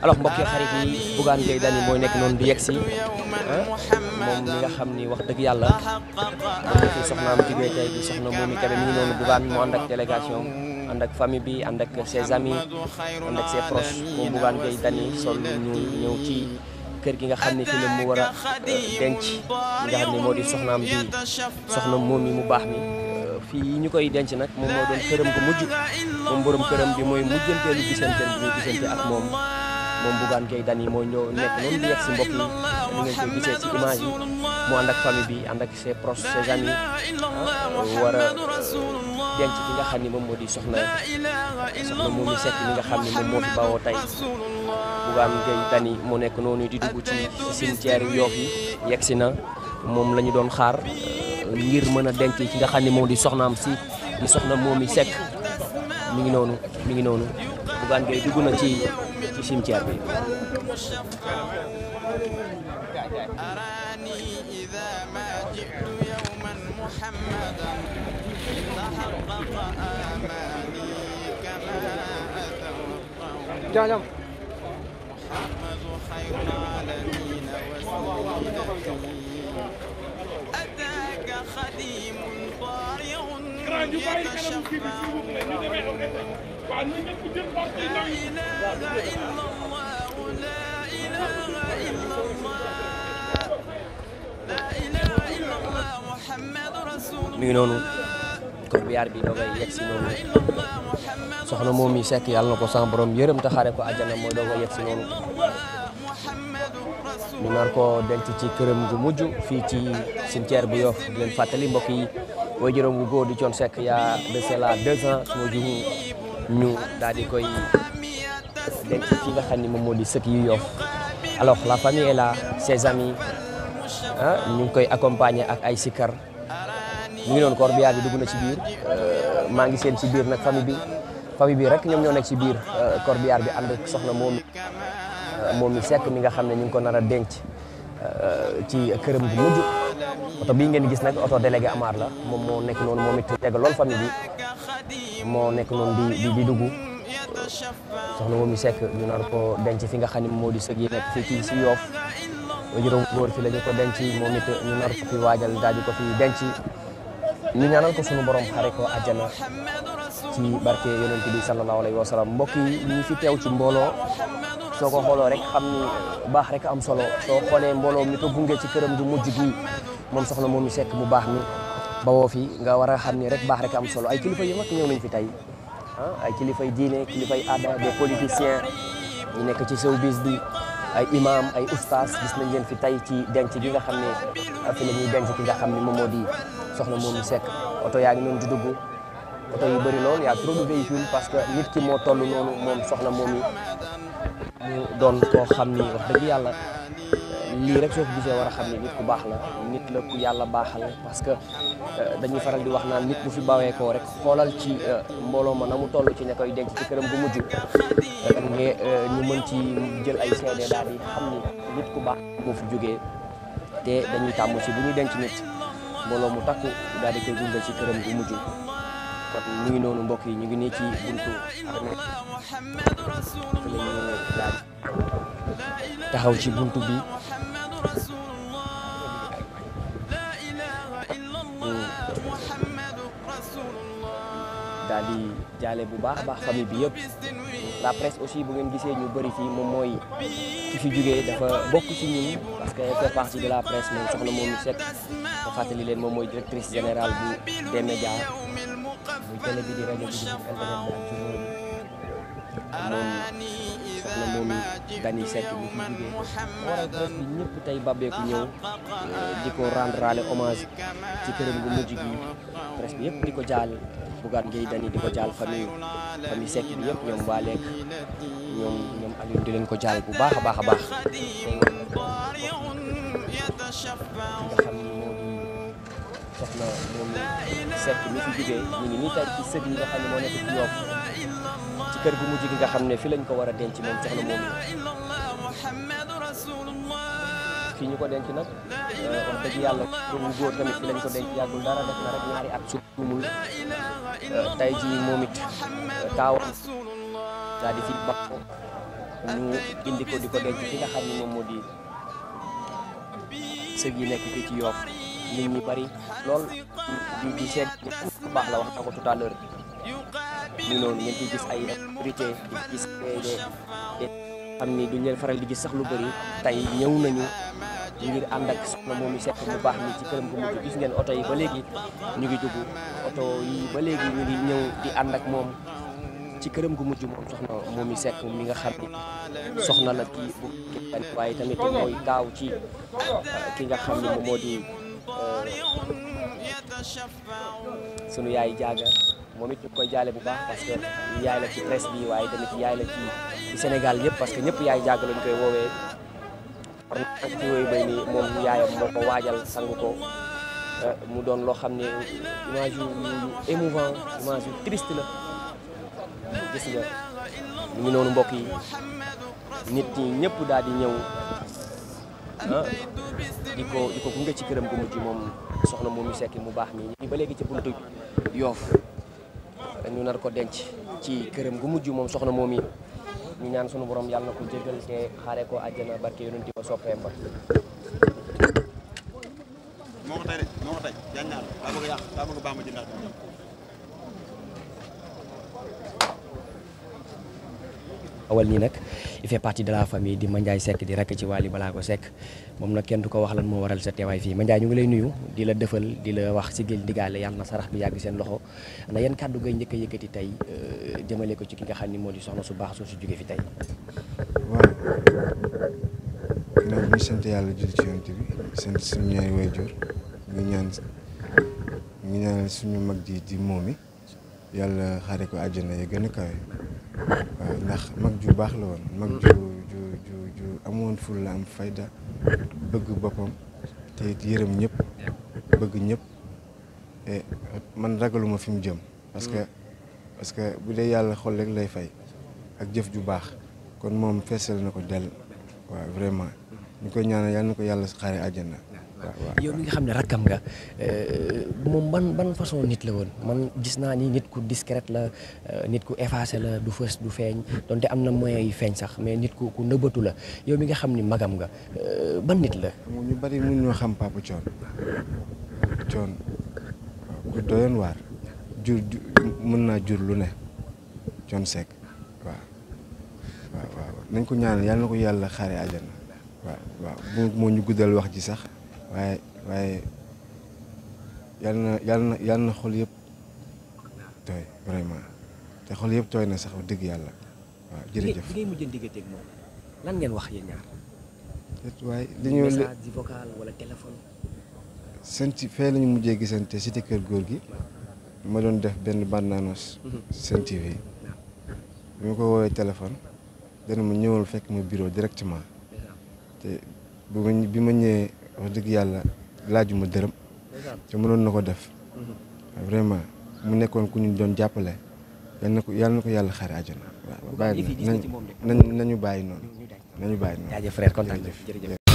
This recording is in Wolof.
alors mbokk yi xarit yi Bougane Gueye Dany mooy nekk noonu bi yegg ah, moom mi nga xam ni wax dëgg yàlla fi soxnaam jugee tey di soxna moom i kabe mi ngi noonu Bougane mu ànd ak délégation ànd ak famille bi ànd ak ses amis ànd ak ses proches moom Bougane Gueye Dany sol ñu ñëw ci kër gi nga xam ni fi mu war a eh, denc li nga xam ne moo di soxnaam bi soxna moo mi mu baax mi fii ñu koy denc nag moom moo doon këram bu mujj moom borom këram bi mooy mujjanteelu gisante bi ñuy gisante ak moom moom Bougane Gueye Dany moo ñëw nekk noonu di yegg si mbokk yi ñu ngeen koy gisee si image yi mu ànd ak famille bi ànd ak ses proches ses amis ah, war a denc ki nga xam ni moom moo di soxna soxna moom mi sekk mi nga xam ni moom moo fi bawoo tey Bougane Gueye Dany mu nekk noonu di dugg ci cimetière Yoff yi yegg si na moom la ñu doon xaar ngir mën a denc ki nga xam ne moom di soxnaam si di soxna moom yi sekk mi ngi noonu mi ngi noonu Bougane Gueye dugg na ci ci cimetière bi. محمد خير العالمين وسيدتي خديم طارع يتشفع لا إله إلا الله لا إله إلا الله لا إله إلا الله محمد رسول الله ko biyaar bi doogay yegg si noonu soxna moom mi sekk yàlla ko sama borom yërëm te noonu ñu nar ko denc ci këram gu mujj fii ci cimetière bu Yoff di leen fàttali mbokk yi way juróom gu góor di Thione Seck yaa de cela deux ans su ma ñu daal di koy denc nga xam ni moom moo di sëkk yu Yoff alors la famille est a ses amis ah ñu ngi koy accompagner ak ay sikkar mu ngi noonu corbillard bi dugg na ci biir euh, maa ngi seen ci biir nag famille bi famille bi rek ñoom ñoo nekk ci biir euh, corbillard bi ànd soxna moom moom mi sekk mi nga xam ne ñu ngi ko nar a denc euh, ci këram bu mujj oto bii ngeen gis nag oto délégué Amar la moom moo nekk noonu moo it yàgg lool famille bi moo nekk noonu di di dugg soxna moom mi sekk ñu nar ko denc fi nga xam ne moo di sëg yi nekk fii ci si Yoof juróom góor fi la ñu ko denc moom it ñu nar ko fi waajal daal ko fi denc ñu ñaanal ko suñu borom xare ko àjjana ci barke yonent bi sallallahu alayhi wa sallam mbokk yi ñu fi teew ci mbooloo soo ko xooloo rek xam ni baax rek am solo soo xoolee mbooloo mi ko gunge ci këram gu mujj gii moom soxla moom mi sekk mu baax mi bawoo fi nga war a xam ni rek baax rek am solo ay kilifa yu mag ñëw nañ fi tey ah ay kilifay diine kilifay aada des politiciens ñu nekk ci sew bis bi ay imam ay oustaz gis nañ leen fi tey ci denc gi nga xam ne fi la ñuy denc ki nga xam ne moom moo di soxla moom mi sekk oto yaa ngi noonu di dugg oto yu bëri lool y a trop de parce que nit ki moo toll noonu moom soxna moom mi mu doon koo xam ni wax dëgg yàlla lii rek soo ko gisee war a xam ni nit ku baax la nit la ku yàlla baaxal parce que euh, dañuy faral di wax naan nit bu fi bawee koo rek xoolal ci euh, mbooloo ma na mu toll ci ña koy denc ci këram bu mujj nga euh, ñu mën ci jël ay seede nit ku baax moo fi jógee te dañuy tàmm ci bu ñuy denc nit mbooloo mu takk daal di koy gunge ci këram bu mujj kon mu ngi noonu mbokk yi ñu ngi nii ci buntu armée taxaw ci buntu bi daal di jaale bu baax baax famille bi yëpp la presse aussi bu ngeen gisee ñu bëri fii moom mooy ki fi jugee dafa bokk ci ñun parce que elle fait partie de la presse moom soxna Momy Seck fàttali leen moom mooy directrice générale bu des médias télé bi di rajo bi di internet bi ak journal bi moom Dany Seck bi fi jugee waral presse bi ñëpp tey bàbbeeku ñëw eh, di ko rendre rale hommage ci këram gu mujj gi presse bi yëpp di ko jaal Bougane Gueye Dany di ko jaal famille famille Seck bi yëpp ñoom waa Lekk ñoom ñoom Aliou di leen ko jaal bu baax a baax a baax. Seck mi fi jugee ñu ngi nii tey ci sëg yi nga xam ne moo nekk ci Yoff ci kër gu mujj gi nga xam ne fi lañ ko war a denc moom soxna moom fii ñu ko denc nag eh, wax dëgg yàlla pour mu góor tamit fi lañ ko denc yàggul dara def na rek ñaari at surtumul eh, tey jii moom it taawam eh, daal di fi bap ñu indi ko di ko denc fi nga xam ne moom moo di sëg nekk fii ci Yoff nit ñi bari lool di di seet baax la wax na ko tout à l'heure ñu noonu ngeen ciy gis ay autorité di gis de xam ni duñ leen faral di gis sax lu bëri tey ñëw nañu ngir ànd ak soxna moom sekk mu baax ni ci këram gu gis ngeen oto ba léegi ñu ngi dugg oto ba léegi ñu di ànd moom ci këram gu mujj moom soxna moomu sekk mi nga xam ni soxna la kii bu waaye tamit mooy taaw ci ki nga xam ni moom moo di sunu yaay jaaga moom it ñu koy jaale bu baax parce que yaay la ci presse waaye tamit yaay la ci Sénégal yëpp parce que ñëpp yaay jaaga lañ koy woowee ak ci yaayam moo ko waajal sang ko euh, mu doon loo xam ne image yu émouvant image yu triste la ñu noonu mbokk yi nit ñi ñëpp daal di ñëw Ah, di ko di ko gunge ci këram gu mujj moom soxna moom ñu sekki mu baax mi ñi ba léegi ci buntu yoof ñu nar ko denc ci këram gu mujj moom soxna moom yi ñu ñaan sunu boroom yàlla na ko jégal te xaare ko àjjana barke yonent ba soppeem ba moo ko tey de moo ko awal nii nag il fait partie de la famille di Mandiaye sekk di rek ci Wally Ballago Seck moom nag kenn du ko wax lan moo waral sa teewaay fii Mandiaye ñu ngi lay nuyu di la dëfal di la wax si gil digaale yàlla na sarax bi yàgg seen loxo na yan kàddu ngay njëkk a yëkkati tey euh, jëmale ko ci ki nga xam ni moo di soxna su baax soo su jóge fi tey waaw ñu sant yàlla jul ci yonte bi sant suñu ñaari waajur ñu ñaan ñu ñaan suñu mag ji di moom yi yàlla xare ko àjjana ya gën a kawe waaw ndax mag ju baax la woon mag ju ju ju ju amoon ful la am fayda bëgg boppam te it yërëm ñëpp bëgg ñëpp man ragaluma fi mu jëm parce que parce que bu dee yàlla xol rek lay fay ak jëf ju baax kon moom feesal na ko dell waaw vraiment ñu koy ñaan yàlla na ko yàlla xaare àjjana yow mi nga xam ne rakkam nga euh, moom ban ban façon nit la woon man gis naa ni nit ku discret la euh, nit ku effacé la du fës du feeñ donte am na moyens yi feeñ sax mais nit ku ku nëbbatu la yow mi nga xam ni magam nga euh, ban nit la. ñu bari mun ñoo xam Papa Thione Thione ku doyoon waar jur mën naa jur lu ne Thione Seck waaw waaw waaw nañ ko ñaanal yàlla na ko yàlla xaare àjjana waaw moo ñu guddal wax ji sax. waaye waaye yal na yal na yal xol yëpp tooy vraiment te xol yëpp tooy na sax wax dëgg yàlla waaw jërëjëf. ngay mujjee diggante ak moom ngeen wax yéen ñaar. waaye li ñu message vocal wala téléphone. seen ci fee la ñu mujjee gisante cité kër góor gi. ma doon def benn bannaanoos. Mhm. seen TV. bi ma ko woowee téléphone. dana ma ñëwal fekk ma bureau directement. te bi ma ñëwee. ba dëgg yàlla laajuma dërëm te mënoon na ko def vraiment mu nekkoon ku ñu doon jàppale yal na ko yal na ko yàlla xare na waaw bàyyi nañ nañu bàyyi noonu nañu bàyyi noonu jërëjëf